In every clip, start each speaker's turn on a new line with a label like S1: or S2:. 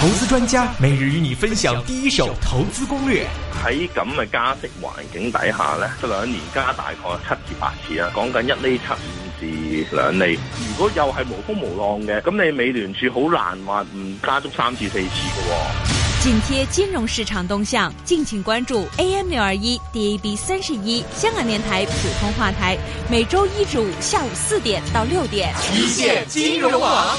S1: 投資專家每日與你分享第一手
S2: 投資攻略。喺咁嘅加息環境底下呢，兩年加大概七至八次啊講緊一厘七五至兩厘。如果又係無風無浪嘅，咁你美聯儲好難話唔加足三至四次嘅，哦。
S3: 緊貼金融市場動向，敬請關注 AM 六二一 DAB 三十一香港電台普通話台，每周一至五下午四點到六點，一線金融網。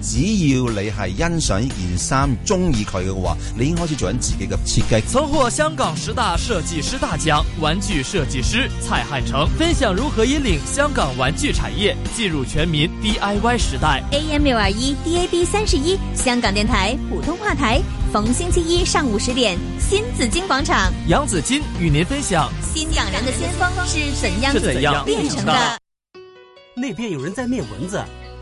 S1: 只要你係欣賞呢件衫，中意佢嘅話，你已經開始做自己嘅設計。曾獲香港十大設計師大獎，玩具設計師蔡漢成分享如何引領香港玩具產業進入全民 D I Y 時代。
S3: A M 六二一 D A B 三十一，香港電台普通話台，逢星期一上午十點，新紫金廣場，
S1: 楊紫金與您分享新港人的先鋒是怎樣是怎樣變成的。成的那邊有人在滅蚊子。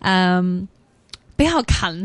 S3: 誒，比較近。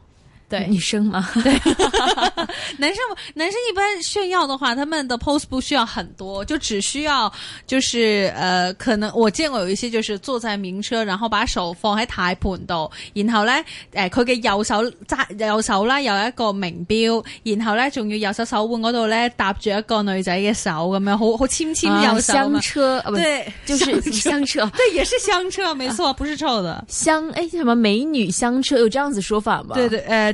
S3: 對女生嘛，對， 男生男生一般炫耀的話，他們的 pose 不需要很多，就只需要就是呃，可能我見過有一些就是坐在名車，然後把手放喺台盤度，然後呢，誒、呃，佢嘅右手揸右手啦，有一個名表，然後呢，仲要右手手腕嗰度呢，搭住一個女仔嘅手咁樣，好好牽輕右手香、啊、車，對香車、呃，就是
S4: 香車，對，香車對，也是香車， 沒錯，不是臭的
S3: 香誒，什麼美女香車有這樣子說法嗎？對對，呃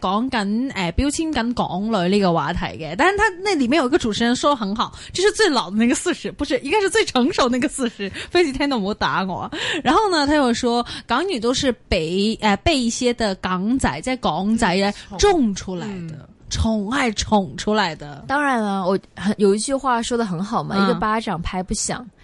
S3: 講緊誒標籤緊港女呢個話題嘅，但是佢那裏面有一個主持人說得很好，就是最老的那個四十，不是應該是最成熟的那個四十。飛幾天都冇打我，然後呢，他又說港女都是被誒、呃、被一些的港仔即係港仔咧、嗯、種出來的，寵、嗯、愛寵出來的。當然啦，我有一句話說得很好嘛，嗯、一個巴掌拍不響。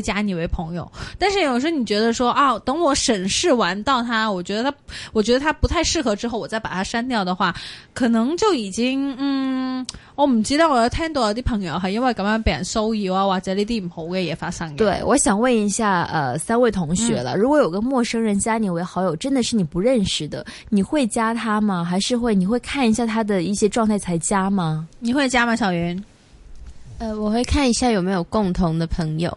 S3: 加你為朋友，但是有時候你覺得說啊，等我審視完到他，我覺得他，我覺得他不太適合，之後我再把他刪掉的話，可能就已經嗯，我不知道，我有聽到有啲朋友哈，因為咁樣被人騷擾啊，或者呢啲唔好嘅嘢發生。對，我想問一下呃三位同學了，嗯、如果有個陌生人加你為好友，真的是你不認識的，你會加他嗎？還是會你會看一下他的一些狀態才加嗎？你會加嗎，小云？呃，我會看一下有沒有共同的朋友。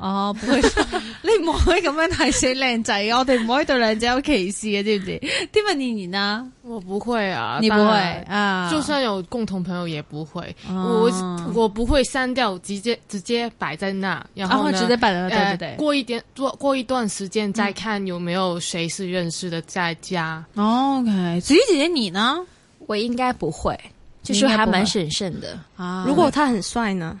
S4: 哦，不會，你唔可以咁樣睇死靚仔，我哋唔可以對靚仔有歧視嘅，對唔對？對份年你呢？
S5: 我不會啊，你不會啊，就算有共同朋友也不會，我我不會刪掉，直接直接擺在那，然後直接擺在那，對對對，過一點過過一段時間再看有沒有誰是認識的再加。OK，子怡姐姐你呢？我應該不會，就是還蠻
S3: 審慎的啊。如果他很帥呢？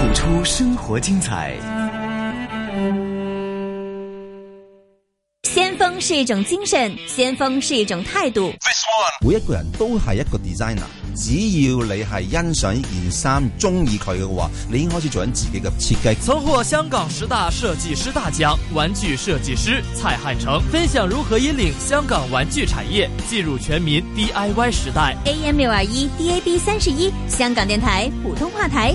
S1: 付出生活精彩。
S6: 先鋒是一種精神，先鋒是一種態度。This one.
S1: 每一個人都係一個 designer，只要你係欣賞一件衫，中意佢嘅話，你已經開始做緊自己嘅設計。曾獲香港十大設計師大獎，玩具設計師蔡漢成分享如何引領香港玩具產業進入全民 DIY 時代。AM 六二
S3: 一，DAB 三十一，香港電台普通話台。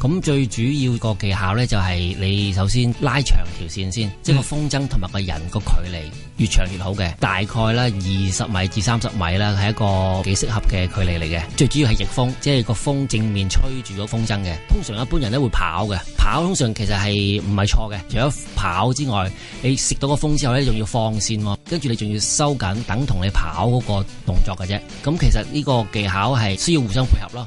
S2: 咁最主要個技巧呢，就係你首先拉長條線先，即係個風箏同埋個人個距離越長越好嘅，大概呢二十米至三十米啦，係一個幾適合嘅距離嚟嘅。最主要係逆風，即係個風正面吹住個風箏嘅。通常一般人都會跑嘅，跑通常其實係唔係錯嘅。除咗跑之外，你食到個風之後呢，仲要放線喎，跟住你仲要收緊，等同你跑嗰個動作嘅啫。咁其實呢個技巧係需要互相配合咯。